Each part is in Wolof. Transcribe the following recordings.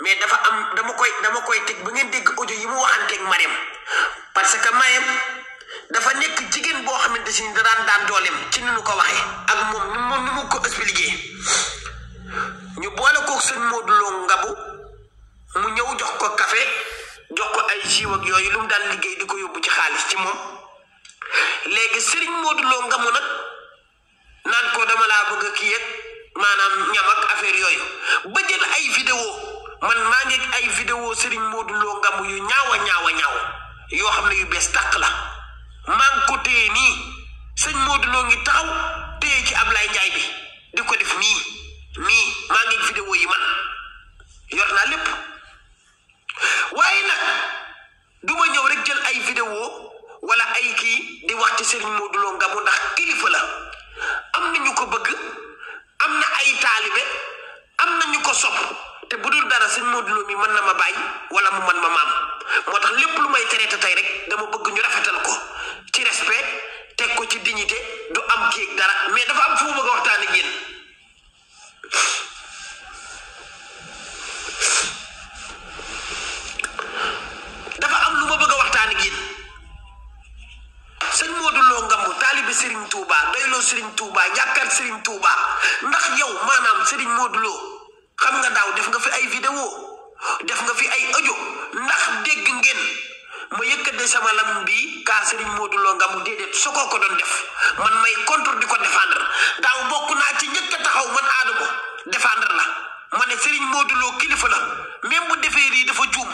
mais dafa am dama koy dama koy teg ba ngeen deg audio yi mu waxante ak Mariam parce que Mariam dafa nek jigen bo xamanteni si da daan daan dolem ci ni nu ko waxe ak mom ni moom ni ko expliquer ñu boole ko sëñ Modou Lo Ngabu mu ñew jox ko café jox ko ay siiw ak yoy lu mu daan liggey diko yobbu ci xaalis ci mom léegi serigne Modou Lo ngamu nak nan ko dama la bëgg ki yëg manam ñam ak affaire yoy ba man ma ngi ay vidéo Serigne Modou Lo ngam yu ñaawa ñaawa ñaawa yo xamne yu bes tak la maa ngi ko téye ni serigne Modou Lo ngi taxaw ci ablay bi diko def ni ni ma ngi vidéo yi man yor na lépp waaye nag du rek jël ay vidéo wala ay ki di wax ci Serigne Modou Lo ngam ndax kilifa la amna ñuko bëgg amna ay talibé amna ñuko sopp dara sun Modou Lo mi man na ma bay wala mu man ma mam motax lepp lu may traité tay rek dama bëgg ñu rafetal ko ci respect tek ko ci dignité du am ki dara mais dafa am fu bëgg a waxtaan ak yeen dafa am lu ma bëgg a waxtaan ak yeen sëñ Modou ngam Ngambu Serigne Touba doyloo Serigne Touba yaakaar Serigne Touba ndax yow manam Serigne Modou xam nga tahu def nga fi ay vidéo def nga fi ay audio ndax dégg ngeen ma yëkkate sama lam bi ka serigne Modou Lo ngam mu déedéet su ko def man may contre di défendre daw bokku na ci ñëkk taxaw man aadama défendre la mané serigne Modou Lo kilifa la même bu défé ri dafa juum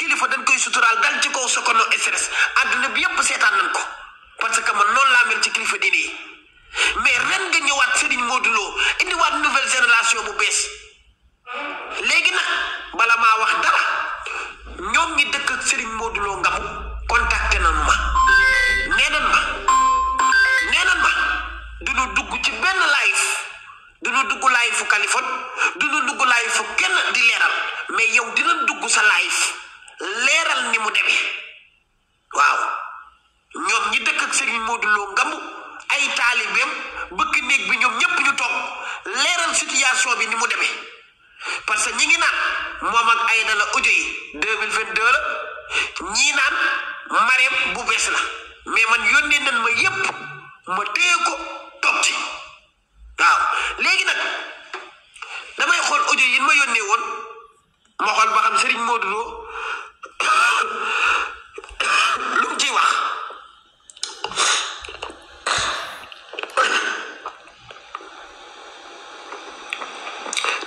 kilifa dañ koy sutural dal ci kaw no stress aduna bi yépp sétan nañ ko parce que man noonu la mel ci kilifa dini mais ren nga ñëwaat serigne Modou Lo waat nouvelle génération bu mu demee waaw ñoom ñi dëkk ak Serigne Modou Lo Ngambu ay taalibeem bëgg néeg bi ñoom ñépp ñu toog leeral situation bi ni mu demee parce que ñi ngi naan moom ak Aïda la audio yi deux mille vingt deux la ñii naan Marème bu bees la mais man yónnee nan ma yépp ma téye ko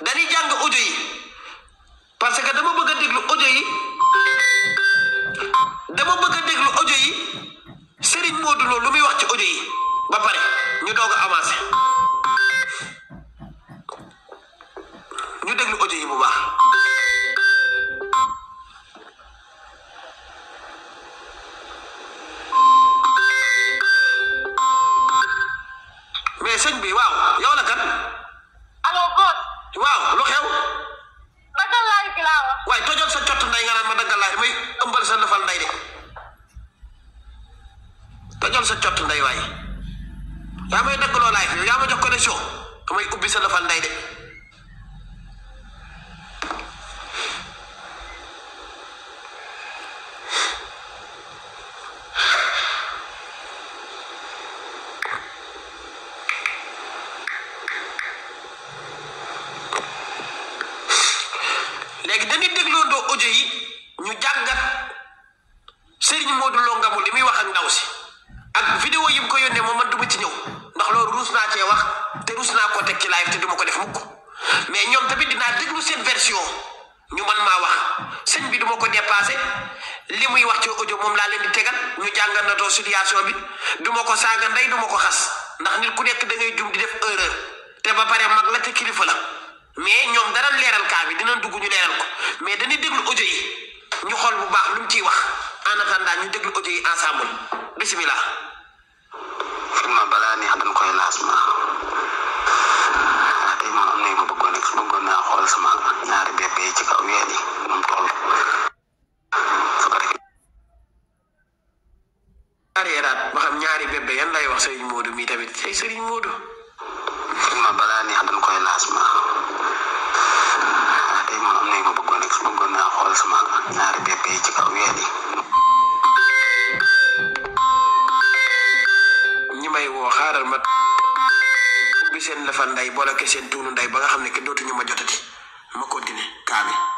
dari jang ke ujui parce que dama bëgg déglu ujui dama bëgg déglu ujui serigne dulu lu muy wax bapak ni ba paré ñu doga damay ëmbal sa lëfal nday de tojal sa cott nday waay yaa may daggaloo laay yaa ma jox connexion damay ubbi sa lëfal nday de léegi dañuy dégloo doo audio yi ñu jàngat serigne Modou Lo Ngabou li muy wax ak ndaw si ak vidéo yi ko yónnee mo man duma ci ñew ndax loolu ruus na ci wax te ruus na ko tek ci live te duma ko def mukk mais ñom tamit dina deglu seen version ñu man ma wax serigne bi duma ko dépasser limuy wax ci audio mom la leen di tegal ñu do situation bi duma ko saga nday duma ko xass ndax nit ku nekk da ngay jum di def erreur te ba pare mag la te kilifa la mais ñom dara leral ka bi dinañ dugg ñu leral ko mais dañuy deglu audio yi ñu xol bu baax lu ci wax en attendant ñu déglu audio yi ensemble bismillah firma balaa neex koy laas ma ah, tey ma am na yu bëggo nek su bëggo na xol sama ñaari bëpp yi ci kaw weer yi moom ari arriéraat ba xam ñaari yan lay wax seen lafal nday boole seen tuunu nday ba nga xam ne kenn dootuñu ma jotati ma continuer kaa